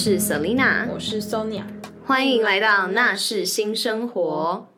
是 Selina，我是 Sonia，歡迎來到娜式新生活。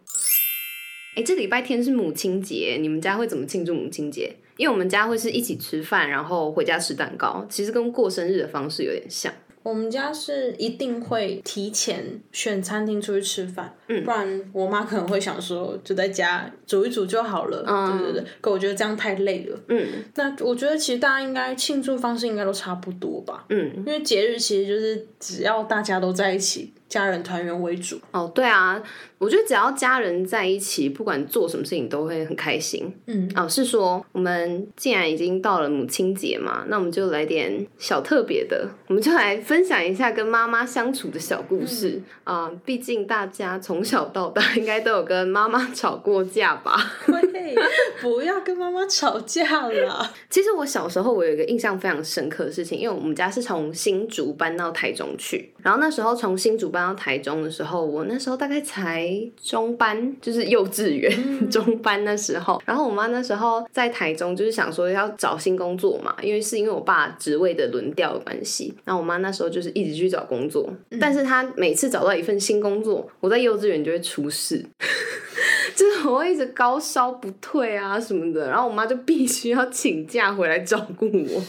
哎、嗯，這禮拜天是母親節，你們家會怎麼慶祝母親節？因為我們家會是一起吃飯，然後回家吃蛋糕，其實跟過生日的方式有點像。我們家是一定會提前選餐廳出去吃飯，嗯、不然我媽可能會想說就在家煮一煮就好了。嗯、對對對，可我覺得這樣太累了。嗯，那我覺得其實大家應該慶祝方式應該都差不多吧。嗯，因為節日其實就是只要大家都在一起，家人團圓為主。哦，對啊。我覺得只要家人在一起，不管做什麼事情都會很開心。嗯，啊，是說我們既然已經到了母親節嘛，那我們就來點小特別的，我們就來分享一下跟媽媽相處的小故事、嗯、啊。畢竟大家從小到大應該都有跟媽媽吵過架吧？嘿嘿，不要跟媽媽吵架了。 其實我小時候我有一個印象非常深刻的事情，因為我們家是從新竹搬到台中去，然後那時候從新竹搬到台中的時候，我那時候大概才。中班就是幼稚園、嗯、中班的時候，然後我媽那時候在台中，就是想說要找新工作嘛，因為是因為我爸職位的輪調的關係，然後我媽那時候就是一直去找工作，嗯、但是她每次找到一份新工作，我在幼稚園就會出事， 就是我會一直高燒不退啊什麼的，然後我媽就必須要請假回來照顧我，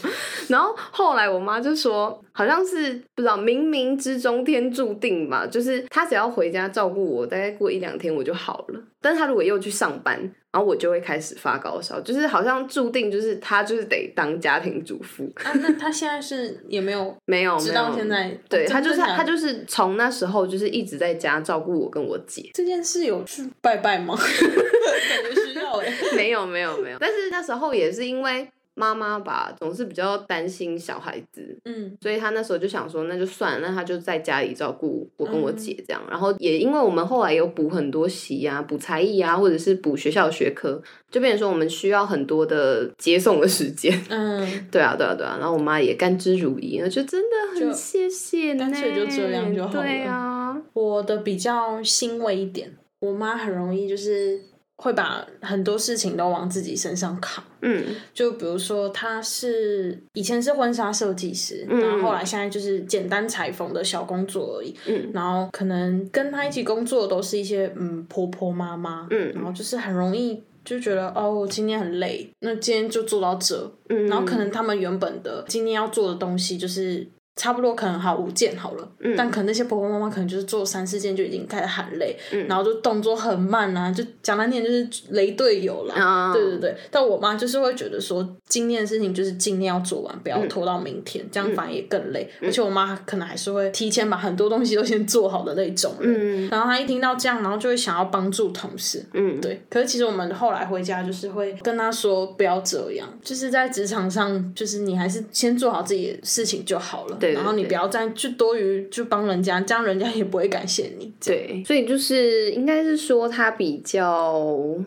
然後後來我媽就說。好像是不知道冥冥之中天注定吧，就是他只要回家照顧我，大概過一兩天我就好了。但是他如果又去上班，然後我就會開始發高燒，就是好像注定，就是他就是得當家庭主婦。啊，那他現在是也沒有沒有直到現在，對，他就是他就是從那時候就是一直在家照顧我跟我姐。這件事有去拜拜嗎？ 感覺需要哎、欸，沒有沒有沒有。但是那時候也是因為。媽媽吧，總是比較擔心小孩子，嗯，所以他那時候就想說，那就算了，那他就在家裡照顧我跟我姐這樣。嗯、然後也因為我們後來有補很多習啊，補才藝啊，或者是補學校的學科，就變成說我們需要很多的接送的時間，嗯，對啊，對啊，對啊。然後我媽也甘之如飴，就真的很謝謝，乾脆就這樣就好了。對啊、我的比較欣慰一點，我媽很容易就是。會把很多事情都往自己身上扛，嗯，就比如說他是以前是婚紗設計師，嗯，然後後來現在就是簡單裁縫的小工作而已，嗯，然後可能跟他一起工作的都是一些嗯、婆婆媽媽，嗯，婆婆媽媽嗯，然後就是很容易就覺得哦，今天很累，那今天就做到這，嗯，然後可能他們原本的今天要做的東西就是。差不多可能好五件好了，嗯、但可能那些婆婆媽媽可能就是做三四件就已經開始喊累，嗯、然後就動作很慢啊，就講難聽點就是雷隊友了。啊、對對對，但我媽就是會覺得說，今天的事情就是儘量要做完，不要拖到明天，嗯、這樣反而也更累。嗯、而且我媽可能還是會提前把很多東西都先做好的那種。嗯嗯。然後她一聽到這樣，然後就會想要幫助同事。嗯，對。可是其實我們後來回家就是會跟她說不要這樣，就是在職場上就是你還是先做好自己的事情就好了。然後你不要再去多餘去幫人家，對對對，這樣人家也不會感謝你。對，所以就是應該是說他比較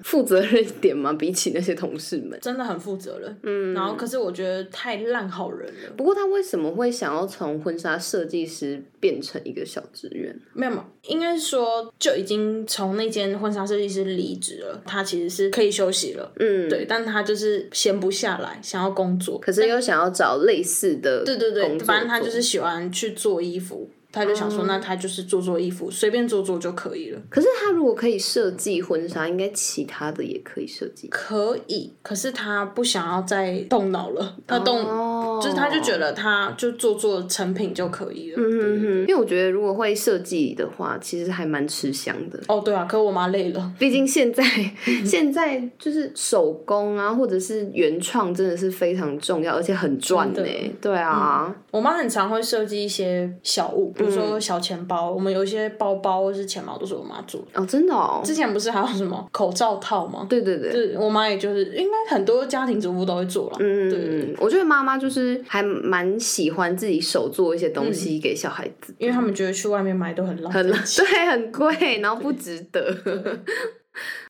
負責任一點嘛，比起那些同事們，真的很負責任。嗯，然後可是我覺得太爛好人了。不過他為什麼會想要從婚紗設計師變成一個小職員？沒有嘛，應該是說就已經從那間婚紗設計師離職了，他其實是可以休息了。嗯，對，但他就是閒不下來，想要工作，可是又想要找類似的，對對對，工作，反正他。就是喜歡去做衣服。他就想說，那他就是做做衣服，隨、嗯、便做做就可以了。可是他如果可以設計婚紗，嗯、應該其他的也可以設計。可以，可是他不想要再動腦了。他動，哦、就是他就覺得他就做做成品就可以了。嗯哼，哼，對對對。因為我覺得如果會設計的話，其實還蠻吃香的。哦，對啊。可是我媽累了，畢竟現在、嗯、哼、現在就是手工啊，或者是原創真的是非常重要，而且很賺、欸、的。對啊。嗯、我媽很常會設計一些小物。比如說小錢包，我們有一些包包或是錢包都是我媽做的哦，真的哦。之前不是還有什麼口罩套嗎？對對對，我媽也就是應該很多家庭主婦都會做了。嗯嗯，我覺得媽媽就是還蠻喜歡自己手做一些東西給小孩子、嗯，因為他們覺得去外面買都很浪費，對，很貴，然後不值得。對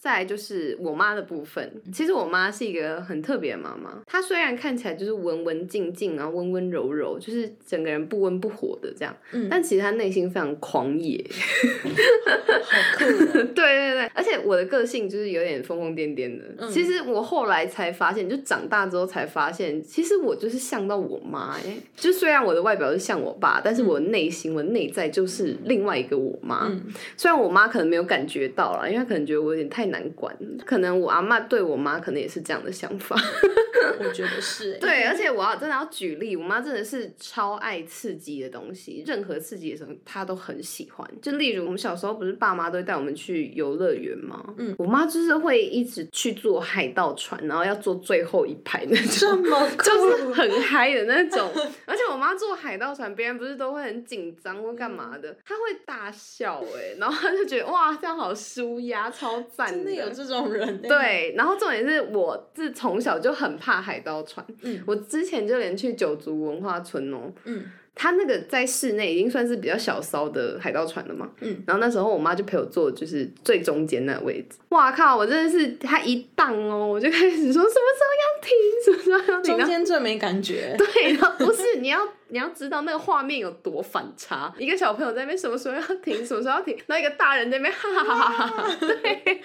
再就是我媽的部分，其實我媽是一個很特別的媽媽。她雖然看起來就是文文靜靜，然後溫溫柔柔，就是整個人不溫不火的這樣，嗯、但其實她內心非常狂野。嗯、好酷、喔！ 對對對，而且我的個性就是有點瘋瘋癲癲的。其實我後來才發現，就長大之後才發現，其實我就是像到我媽耶。就雖然我的外表是像我爸，但是我內心、嗯、我內在就是另外一個我媽。嗯、雖然我媽可能沒有感覺到了，因為她可能覺得我有點太難。難管，可能我阿嬤對我媽可能也是這樣的想法。 我覺得是、欸，對，而且我要真的要舉例，我媽真的是超愛刺激的東西，任何刺激的時候她都很喜歡。就例如我們小時候不是爸媽都會帶我們去遊樂園嗎？嗯，我媽就是會一直去坐海盜船，然後要坐最後一排那種，這麼就是很嗨的那種。 而且我媽坐海盜船，別人不是都會很緊張或幹嘛的，嗯、她會大笑哎、欸，然後她就覺得哇，這樣好紓壓，超讚、欸。 那有這種人、欸、對，然後重點是我是從小就很怕海盜船，嗯、我之前就連去九族文化村哦、喔，嗯，他那個在室內已經算是比較小艘的海盜船了嘛，嗯，然後那時候我媽就陪我坐，就是最中間那位置，哇靠，我真的是他一盪哦、喔，我就開始說什麼時候要停，什麼時候要停，中間最沒感覺，對、喔， 不是你要。你要知道那個畫面有多反差，一個小朋友在那邊什麼時候要停，什麼時候要停，然後一個大人在那邊哈，哈哈哈，哇對，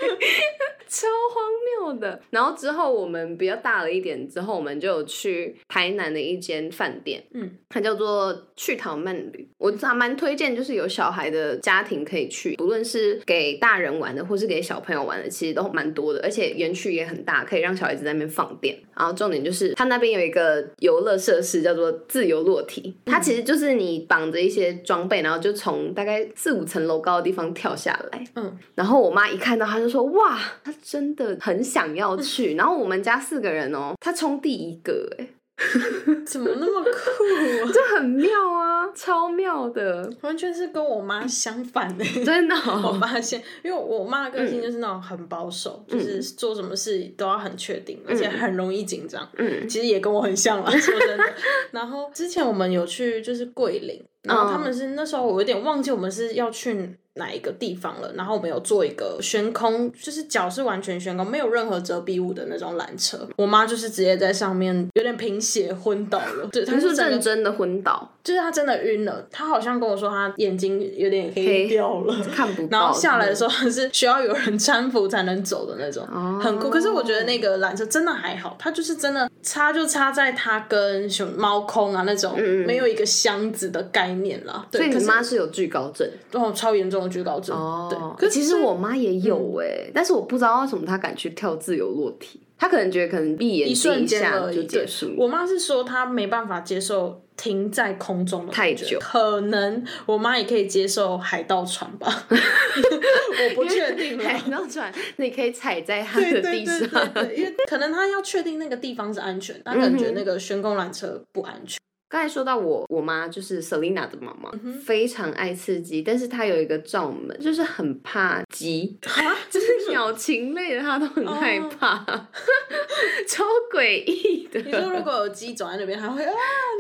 超荒謬的。然後之後我們比較大了一點之後，我們就有去台南的一間飯店，嗯，它叫做去淘慢旅，我還蠻推薦，就是有小孩的家庭可以去，不論是給大人玩的或是給小朋友玩的，其實都蠻多的，而且園區也很大，可以讓小孩子在那邊放電。然後重點就是它那邊有一個遊樂設施叫做自由落。它其實就是你綁着一些裝備，然後就從大概四五層樓高的地方跳下來。嗯，然後我媽一看到，她就說：“哇，她真的很想要去。”然後我們家四個人哦，她衝第一個欸。 怎麼那麼酷？這很妙啊，超妙的，完全是跟我媽相反的。真的，我發現，因為我媽的個性就是那種很保守，就是做什麼事都要很確定，而且很容易緊張。嗯，其實也跟我很像啦。說真的。然後之前我們有去就是桂林，然後他們是那時候我有點忘記我們是要去，哪一個地方了？然後我們有做一個懸空，就是腳是完全懸空，沒有任何遮蔽物的那種纜車。我媽就是直接在上面有點貧血昏倒了，對，她是認真的昏倒，就，就是她真的暈了。她好像跟我說她眼睛有點黑掉了，看不，到是不是。然後下來的時候還是需要有人攙扶才能走的那種，哦、很酷。可是我覺得那個纜車真的還好，它就是真的差就差在它跟熊貓空啊那種沒有一個箱子的概念了。所以你媽是有懼高症，哦，超嚴重。嗯、高舉高走哦，對可其實我媽也有哎、欸，嗯、但是我不知道為什麼她敢去跳自由落體。她可能覺得可能閉眼下一瞬間就結束。我媽是說她沒辦法接受停在空中的太久，可能我媽也可以接受海盜船吧，我不確定。海盜船你可以踩在它的地上 對對對對對，因為可能她要確定那個地方是安全，她感覺得那個懸空纜車不安全。剛才說到我我媽就是 Selina 的媽媽，嗯、哼非常愛刺激，但是她有一個罩門，就是很怕雞，蛤就是鳥禽類的她都很害怕，哦、 超詭異的。你說如果有雞走在那邊，她會啊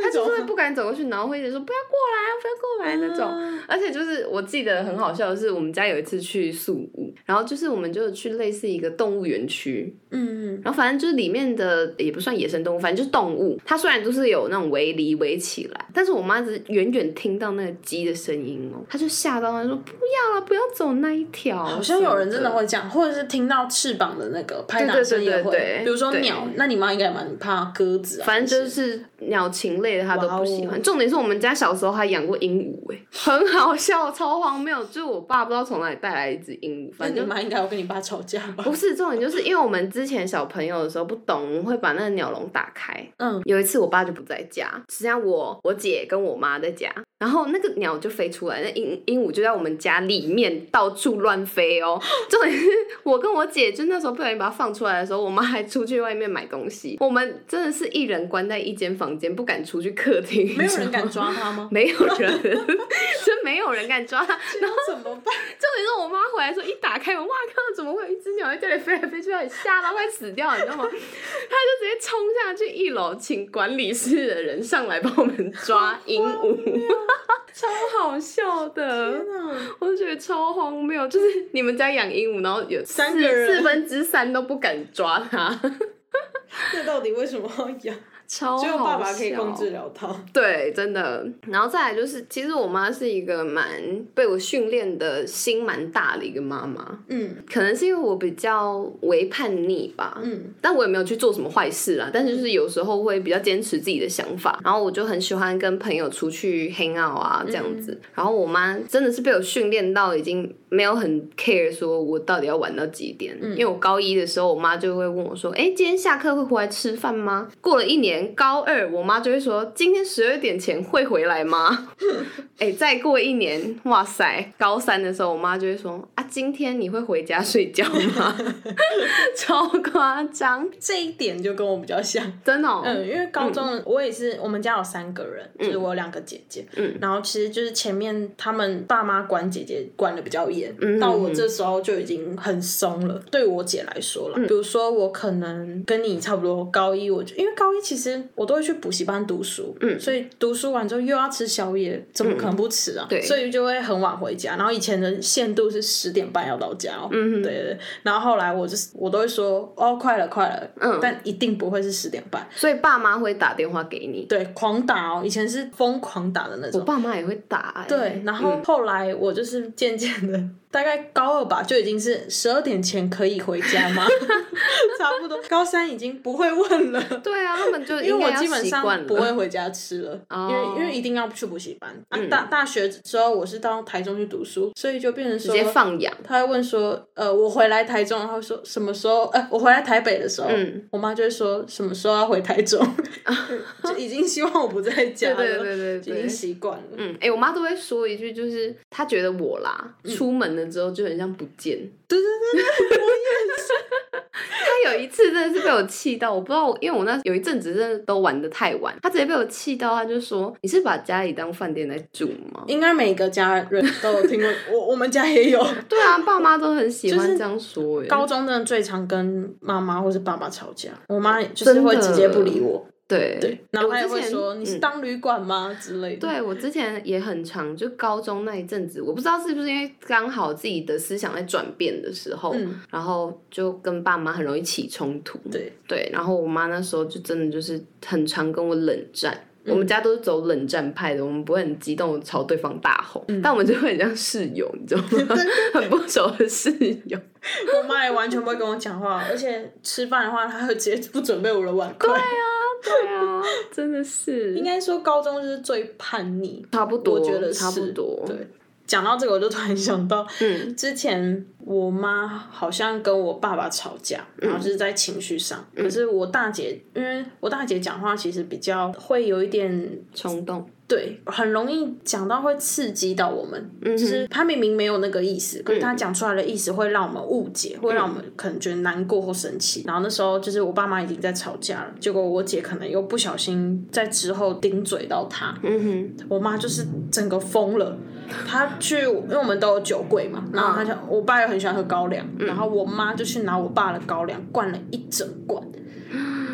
那種，她就是不敢走過去，然後會一直說不要過來，不要過來、啊、那種。而且就是我記得很好笑的是，我們家有一次去宿霧，然後就是我們就去類似一個動物園區，嗯嗯哼，然後反正就是裡面的也不算野生動物，反正就是動物，它雖然都是有那種圍籬。圍起來，但是我媽只遠遠聽到那個雞的聲音哦、喔，她就嚇到，她說不要啊，不要走那一條、啊。好像有人真的會講，對對對對，或者是聽到翅膀的那個拍打聲音。會。對對對對，比如說鳥，對那你媽應該也蠻怕鴿子。反正就是鳥禽類的，她都不喜歡。Wow 重點是我們家小時候還養過鸚鵡，哎，很好笑，超荒謬。就是我爸不知道從哪裡帶來一隻鸚鵡，反正你媽應該要跟你爸吵架吧？不是重點，就是因為我們之前小朋友的時候不懂，會把那個鳥籠打開。嗯，有一次我爸就不在家，實際像我，我姐跟我媽在家。然後那個鳥就飛出來，那鸚鸚鵡就在我們家裡面到處亂飛哦。重點是我跟我姐就那時候不小心把它放出來的時候，我媽還出去外面買東西，我們真的是一人關在一間房間，不敢出去客廳。沒有人敢抓它嗎？沒有人，就 沒有人敢抓它。 然後怎麼辦？重點是我媽回來的時候一打開門，哇，看到怎麼會有一隻鳥在這裡飛來飛去，讓你嚇到快死掉，你知道嗎？她 就直接衝下去一樓，請管理室的人上來幫我們抓鸚鵡。 超好笑的，哪我覺得超荒謬，就是你們家養鸚鵡，然後有四三個人四分之三都不敢抓它，這 到底為什麼要養？超只有爸爸可以控制了他。 對，真的。然後再來就是，其實我媽是一個蠻被我訓練的心蠻大的一個媽媽。嗯，可能是因為我比較微叛逆吧。嗯，但我也沒有去做什麼壞事啦。嗯、但是就是有時候會比較堅持自己的想法。然後我就很喜歡跟朋友出去 hang out 啊這樣子。嗯、然後我媽真的是被我訓練到已經沒有很 care 說我到底要玩到幾點。嗯、因為我高一的時候，我媽就會問我說：“哎、欸，今天下課會回來吃飯嗎？”過了一年。高二，我媽就會說：“今天十二點前會回來嗎？”哎、 欸，再過一年，哇塞！高三的時候，我媽就會說：“啊，今天你會回家睡覺嗎？” 超誇張，這一點就跟我比較像，真的、喔。嗯，因為高中、嗯、我也是，我們家有三個人，嗯、就是我有兩個姐姐，嗯，然後其實就是前面他們爸媽管姐姐管的比較嚴，嗯嗯嗯，到我這時候就已經很鬆了。對我姐來說了，嗯、比如說我可能跟你差不多，高一，我就，因為高一其實。我都會去補習班讀書，嗯，所以讀書完之後又要吃宵夜，怎麼可能不吃啊，嗯。對，所以就會很晚回家，然後以前的限度是十點半要到家哦，嗯哼，對，對對。然後後來我就是我都會說哦，快了快了，嗯、但一定不會是十點半，所以爸媽會打電話給你，對，狂打哦，以前是瘋狂打的那種，我爸媽也會打，欸，對。然後後來我就是漸漸的、嗯。 大概高二吧，就已經是十二點前可以回家嗎？差不多，高三已經不會問了。對啊，他們就因為我基本上不會回家吃了，因為因為一定要去補習班。大大學之後，我是到台中去讀書，所以就變成直接放養。他會問說：“呃，我回來台中，然後說什麼時候？”哎，我回來台北的時候，我媽就會說：“什麼時候要回台中？”就已經希望我不在家了。對對對對，已經習慣了。嗯，哎，我媽都會說一句，就是她覺得我啦，出門。之後就很像不見，對對對，我也是。他有一次真的是被我氣到，我不知道，因為我那有一陣子真的都玩的太晚，他直接被我氣到，他就說：“你是把家裡當飯店來住嗎？”應該每個家人都有聽過， 我我們家也有。對啊，爸媽都很喜歡這樣說欸。哎，高中真的最常跟媽媽或是爸爸吵架，我媽就是會直接不理我。對，對，然後他也會說你是當旅館嗎之類的。欸，我嗯、對我之前也很常，就高中那一陣子，我不知道是不是因為剛好自己的思想在轉變的時候，嗯、然後就跟爸媽很容易起衝突。對對，然後我媽那時候就真的就是很常跟我冷戰。嗯、我們家都是走冷戰派的，我們不會很激動的朝對方大吼，嗯、但我們就會很像室友，你知道嗎？ 很不熟的室友。 我媽也完全不會跟我講話， 而且吃飯的話，她會直接不準備我的碗筷。對、啊 對啊，真的是。應該說高中就是最叛逆，差不多，我覺得差不多。對，講到這個，我就突然想到，嗯，之前我媽好像跟我爸爸吵架，嗯、然後就是在情緒上。可是我大姐，嗯、因為我大姐講話其實比較會有一點衝動。對，很容易講到會刺激到我們，嗯哼，就是他明明沒有那個意思，可是他講出來的意思會讓我們誤解，嗯、會讓我們可能覺得難過或生氣。嗯、然後那時候就是我爸媽已經在吵架了，結果我姐可能又不小心在之後頂嘴到他，嗯、哼我媽就是整個瘋了。她去，因為我們都有酒櫃嘛，然後她就、嗯、我爸又很喜歡喝高粱，嗯、然後我媽就去拿我爸的高粱灌了一整罐，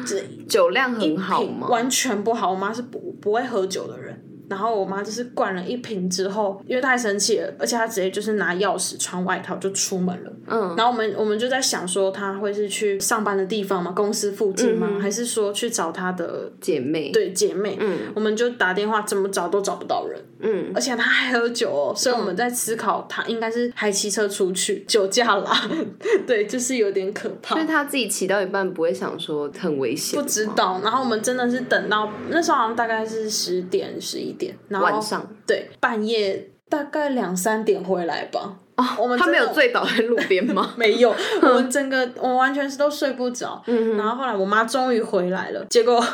這、嗯、一酒量很好嗎？完全不好，我媽是不不會喝酒的人。然後我媽就是灌了一瓶之後，因為太生氣了，而且她直接就是拿鑰匙穿外套就出門了。嗯。然後我們我們就在想說，她會是去上班的地方嗎？公司附近嗎？嗯、還是說去找她的姐妹？對，姐妹。嗯。我們就打電話，怎麼找都找不到人。嗯。而且她還喝酒哦，所以我們在思考，她應該是還騎車出去、嗯、酒駕啦。 對，就是有點可怕。所以她自己騎到一半不會想說很危險？不知道。然後我們真的是等到那時候，好像大概是十點十一。11點然後晚上對，半夜大概兩三點回來吧。哦，我們他沒有醉倒在路邊嗎？ 沒有，我們整個 我完全是都睡不着，嗯哼。然後後來我媽終於回來了，結果。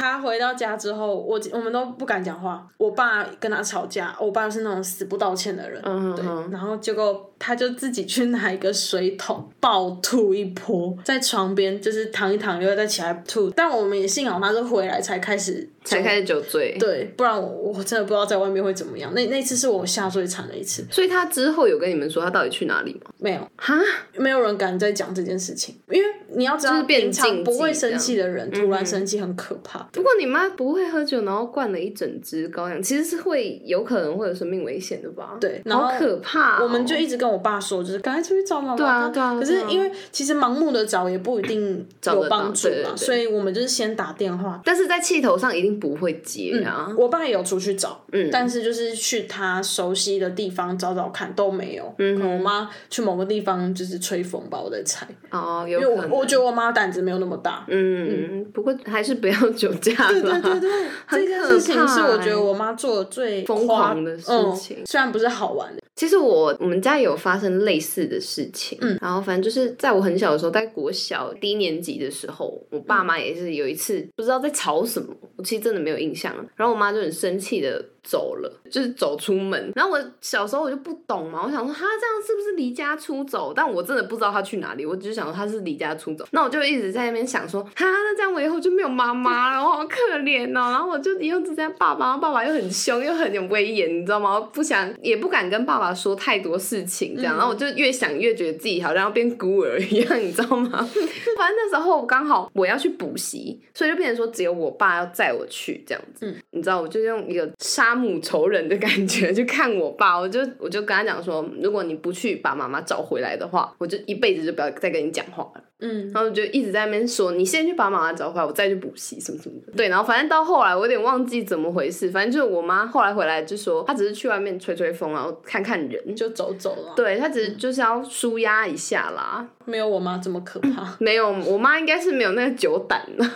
他回到家之後，我我們都不敢講話。我爸跟他吵架，我爸是那種死不道歉的人，嗯、對。嗯、然後結果他就自己去拿一個水桶，爆吐一潑，在床邊就是躺一躺，又再起來吐。但我們也幸好他是回來才開始才開始酒醉，對，不然我，我真的不知道在外面會怎麼樣。那那次是我下最慘的一次。所以他之後有跟你們說他到底去哪裡嗎？沒有哈，沒有人敢再講這件事情，因為你要知道，平常不會生氣的人、嗯、突然生氣很可怕。對不過你媽不會喝酒，然後灌了一整隻高粱，其實是會有可能會有生命危險的吧？對，然後好可怕、哦！我們就一直跟我爸說，就是趕快出去找嘛、啊。對啊，對啊。可是因為其實盲目的找也不一定有幫助嘛，對對對，所以我們就是先打電話。但是在氣頭上一定不會接啊。嗯、我爸也有出去找，嗯對，但是就是去他熟悉的地方找找看都沒有。嗯哼，可能我媽去某個地方就是吹風吧，我在猜。哦，有因為我我覺得我媽膽子沒有那麼大。嗯，嗯，不過還是不要酒。對對對對，欸、這個事情是我覺得我媽做的最瘋狂的事情、嗯，雖然不是好玩的。其實我我們家也有發生類似的事情，嗯，然後反正就是在我很小的時候，在國小低年級的時候，我爸媽也是有一次、嗯、不知道在吵什麼，我其實真的沒有印象了。然後我媽就很生氣的走了，就是走出門。然後我小時候我就不懂嘛，我想說他這樣是不是離家出走？但我真的不知道他去哪裡。我只想說他是離家出走。那我就一直在那邊想說，哈，那這樣我以後就沒有媽媽了，我 好可憐哦，喔。然後我就一直在爸爸，爸爸又很凶又很有威嚴，你知道嗎？我不想也不敢跟爸爸說太多事情，這樣。嗯，然後我就越想越覺得自己好像要變孤兒一樣，你知道嗎？ 反正那時候剛好我要去補習，所以就變成說只有我爸要載我去這樣子。嗯，你知道，我就用一個沙。母仇人的感覺，就看我爸，我就我就跟他講說，如果你不去把媽媽找回來的話，我就一輩子就不要再跟你講話了。嗯，然後我就一直在那邊說，你先去把媽媽找回來，我再去補習什麼什麼的。嗯、對，然後反正到後來我有點忘記怎麼回事，反正就是我媽後來回來就說，她只是去外面吹吹風然後看看人就走走了。對，她只是就是要舒壓一下啦，嗯、沒有我媽這麼可怕。沒有，我媽應該是沒有那個酒膽了。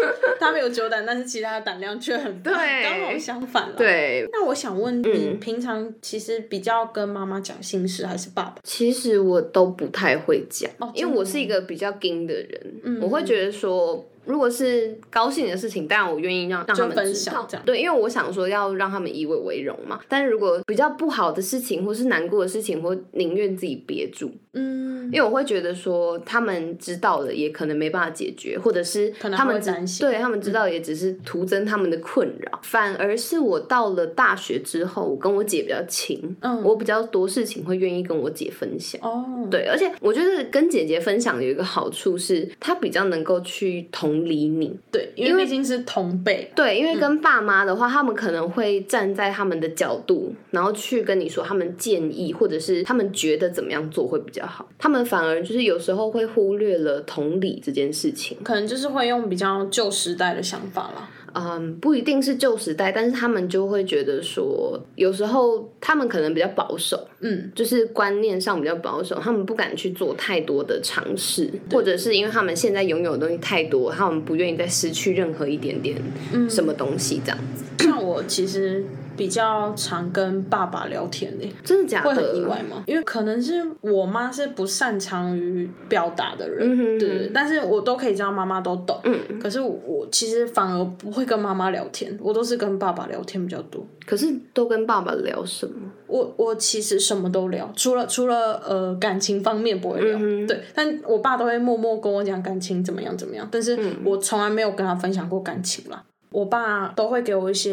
他沒有酒膽，但是其他的膽量卻很高對，剛好相反了。對，那我想問、嗯、你，平常其實比較跟媽媽講心事，還是爸爸？其實我都不太會講，哦、因為我是一個比較硬的人，嗯、哼我會覺得說。如果是高興的事情，當然我願意讓讓他們知道，分享。對，因為我想說要讓他們以我為榮嘛。但是如果比較不好的事情，或是難過的事情，我寧願自己憋住，嗯，因為我會覺得說他們知道了，也可能沒辦法解決，或者是他們對他們知道也只是徒增他們的困擾。嗯，反而是我到了大學之後，我跟我姐比較親，嗯，我比較多事情會願意跟我姐分享，哦，對，而且我覺得跟姐姐分享有一個好處是，她比較能夠去同。同理你對，因為畢竟是同輩。對，因為跟爸媽的話，他們可能會站在他們的角度，嗯、然後去跟你說他們建議，或者是他們覺得怎麼樣做會比較好。他們反而就是有時候會忽略了同理這件事情，可能就是會用比較舊時代的想法了。嗯，不一定是舊時代，但是他們就會覺得說，有時候他們可能比較保守。嗯，就是觀念上比較保守，他們不敢去做太多的嘗試，對或者是因為他們現在擁有的東西太多，他們不願意再失去任何一點點什麼東西。這樣子。嗯，像我其實比較常跟爸爸聊天的。欸，真的假的？會很意外嗎？因為可能是我媽是不擅長於表達的人，嗯、哼對，嗯、但是我都可以知道媽媽都懂。嗯，可是我，我其實反而不會跟媽媽聊天，我都是跟爸爸聊天比較多。可是都跟爸爸聊什麼？我我，其實什麼都聊，除了除了，呃感情方面不會聊。嗯哼，對，但我爸都會默默跟我講感情怎麼樣怎麼樣，但是我從來沒有跟他分享過感情啦。我爸都會給我一些，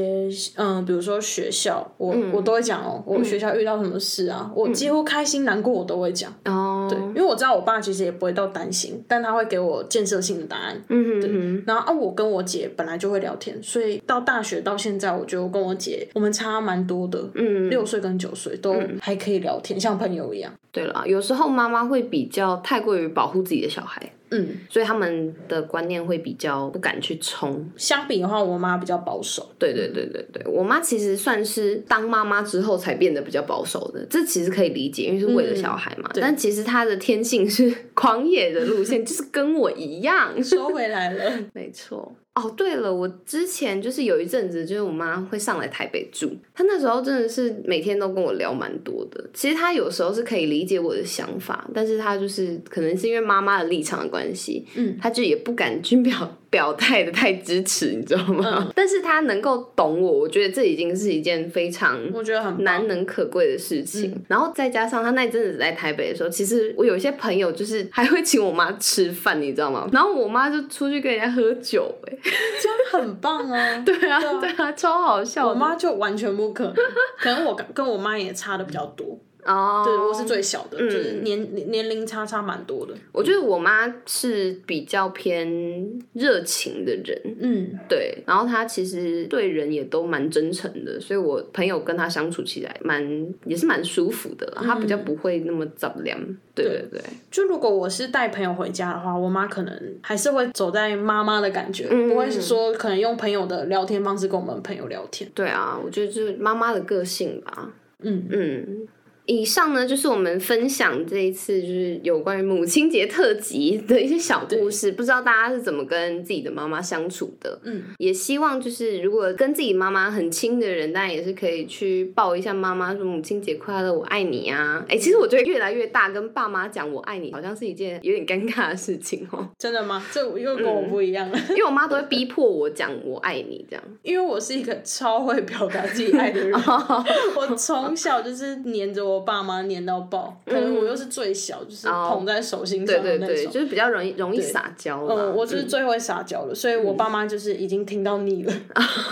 嗯、呃，比如說學校，我、嗯、我都會講哦、喔，我學校遇到什麼事啊，嗯、我幾乎開心、難過我都會講，哦，對，因為我知道我爸其實也不會到擔心，但他會給我建設性的答案，嗯哼嗯哼，對。然後、啊、我跟我姐本來就會聊天，所以到大學到現在，我就跟我姐，我們差蠻多的，嗯六歲跟九歲都還可以聊天，嗯、像朋友一樣。對啦，有時候媽媽會比較太過於保護自己的小孩。嗯，所以他們的觀念會比較不敢去衝。相比的話，我媽比較保守。對對對對對，我媽其實算是當媽媽之後才變得比較保守的。這其實可以理解，因為是為了小孩嘛。嗯，但其實她的天性是狂野的路線， 就是跟我一樣。說回來了，沒錯。哦，oh，對了，我之前就是有一陣子，就是我媽會上來台北住，她那時候真的是每天都跟我聊蠻多的。其實她有時候是可以理解我的想法，但是她就是可能是因為媽媽的立場的關係，嗯，她就也不敢去表，表態的太支持，你知道嗎？嗯、但是他能夠懂我，我覺得這已經是一件非常我覺得很難能可貴的事情。然後再加上他那一陣子在台北的時候，嗯、其實我有一些朋友就是還會請我媽吃飯，你知道嗎？然後我媽就出去跟人家喝酒。欸，哎，這樣很棒啊！ 對，對啊，對啊，超好笑。我媽就完全不可能， 可能我跟我媽也差的比較多。哦，oh, 對，我是最小的，嗯、就是年年齡差差蠻多的。我覺得我媽是比較偏熱情的人，嗯，對，然後她其實對人也都蠻真誠的，所以我朋友跟她相處起來蠻，蠻也是蠻舒服的。嗯、她比較不會那麼早涼，對對對。就如果我是帶朋友回家的話，我媽可能還是會走在媽媽的感覺，嗯、不會是說可能用朋友的聊天方式跟我們朋友聊天。對啊，我覺得就是媽媽的個性吧。嗯嗯。嗯以上呢，就是我們分享這一次就是有關於母親節特輯的一些小故事，對不知道大家是怎麼跟自己的媽媽相處的？嗯，也希望就是如果跟自己媽媽很親的人，大家也是可以去抱一下媽媽，說母親節快樂，我愛你啊！哎、欸，其實我覺得越來越大，跟爸媽講我愛你，好像是一件有點尷尬的事情哦、喔。真的嗎？這又跟我不一樣了，嗯，因為我媽都會逼迫我講我愛你這樣， 因為我是一個超會表達自己愛的人，我從小就是黏着我。我爸媽黏到爆，可能我又是最小，嗯、就是捧在手心上的那種，就是比較容易容易撒嬌。嗯，我就是最會撒嬌了，嗯、所以我爸媽就是已經聽到膩了。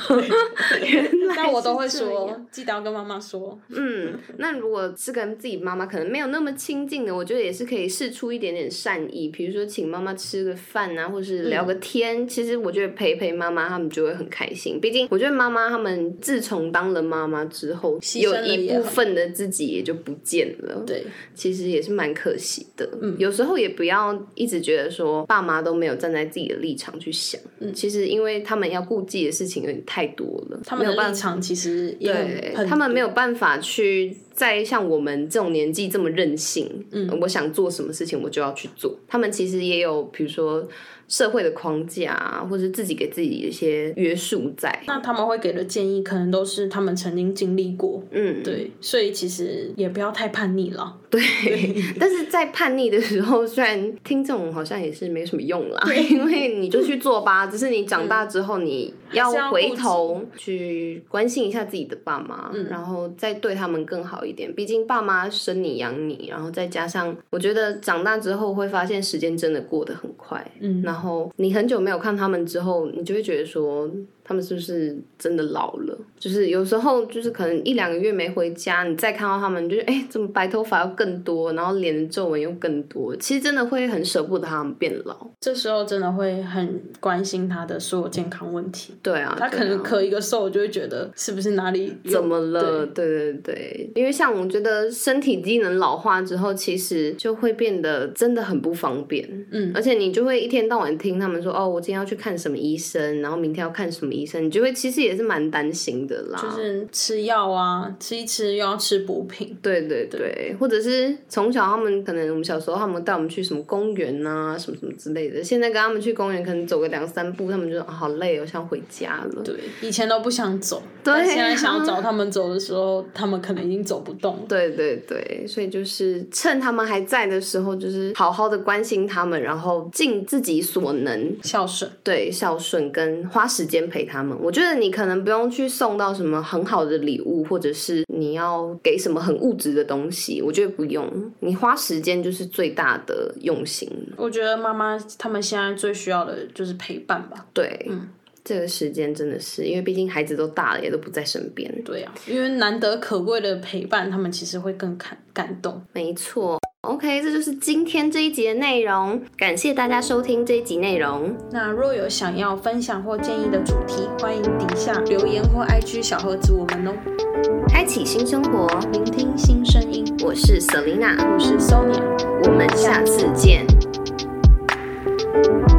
嗯 我都會說，記得要跟媽媽說。嗯，那如果是跟自己媽媽可能沒有那麼親近的，我覺得也是可以釋出一點點善意，比如說請媽媽吃個飯啊，或是聊個天。嗯、其實我覺得陪陪媽媽，他們就會很開心。畢竟我覺得媽媽他們自從當了媽媽之後，有一部分的自己也就不見了。對，其實也是蠻可惜的。嗯，有時候也不要一直覺得說爸媽都沒有站在自己的立場去想。嗯，其實因為他們要顧忌的事情有點太多了，他們的立場，沒有辦法。其實也很很，對他們沒有辦法去。在像我們這種年紀這麼任性，嗯，我想做什麼事情我就要去做。他們其實也有，比如說社會的框架啊，或者自己給自己一些約束在。那他們會給的建議，可能都是他們曾經經歷過。嗯，對，所以其實也不要太叛逆了。對， 但是在叛逆的時候，雖然聽眾好像也是沒什麼用啦，對，因為你就去做吧。嗯，只是你長大之後，你要回頭去關心一下自己的爸媽，嗯，然後再對他們更好。一點，畢竟爸媽生你養你，然後再加上，我覺得長大之後會發現時間真的過得很快。嗯，然後你很久沒有看他們之後，你就會覺得說。他們是不是真的老了？就是有時候就是可能一兩個月沒回家，嗯、你再看到他們，你就哎、欸，怎麼白頭髮又更多，然後臉的皺紋又更多？其實真的會很舍不得他們變老，這時候真的會很關心他的所有健康問題。嗯、對啊，對啊，他可能咳一個嗽，就會覺得是不是哪裡怎麼了？對，對對對，因為像我覺得身體機能老化之後，其實就會變得真的很不方便。嗯，而且你就會一天到晚聽他們說哦，我今天要去看什麼醫生，然後明天要看什麼。醫生，你就會其實也是蠻擔心的啦，就是吃藥啊，吃一吃又要吃補品，對對對，或者是從小他們可能我們小時候他們帶我們去什麼公園啊，什麼什麼之類的，現在跟他們去公園，可能走個兩三步，他們就、啊、好累，我想回家了。對，以前都不想走，對、啊，但現在想要找他們走的時候，他們可能已經走不動。對對對，所以就是趁他們還在的時候，就是好好的關心他們，然後盡自己所能孝順，對孝順跟花時間陪他們，我覺得你可能不用去送到什麼很好的禮物，或者是你要給什麼很物質的東西，我覺得不用，你花時間就是最大的用心。我覺得媽媽他們現在最需要的就是陪伴吧。對，嗯，這個時間真的是，因為畢竟孩子都大了，也都不在身邊。對啊，因為難得可貴的陪伴，他們其實會更看感動。沒錯。OK，這就是今天這一集的內容。感謝大家收聽這一集內容。那若有想要分享或建議的主題，歡迎底下留言或 IG 小盒子我們哦。開啟新生活，聆聽新聲音。我是 Selina，我是 Sonia，我們下次見。嗯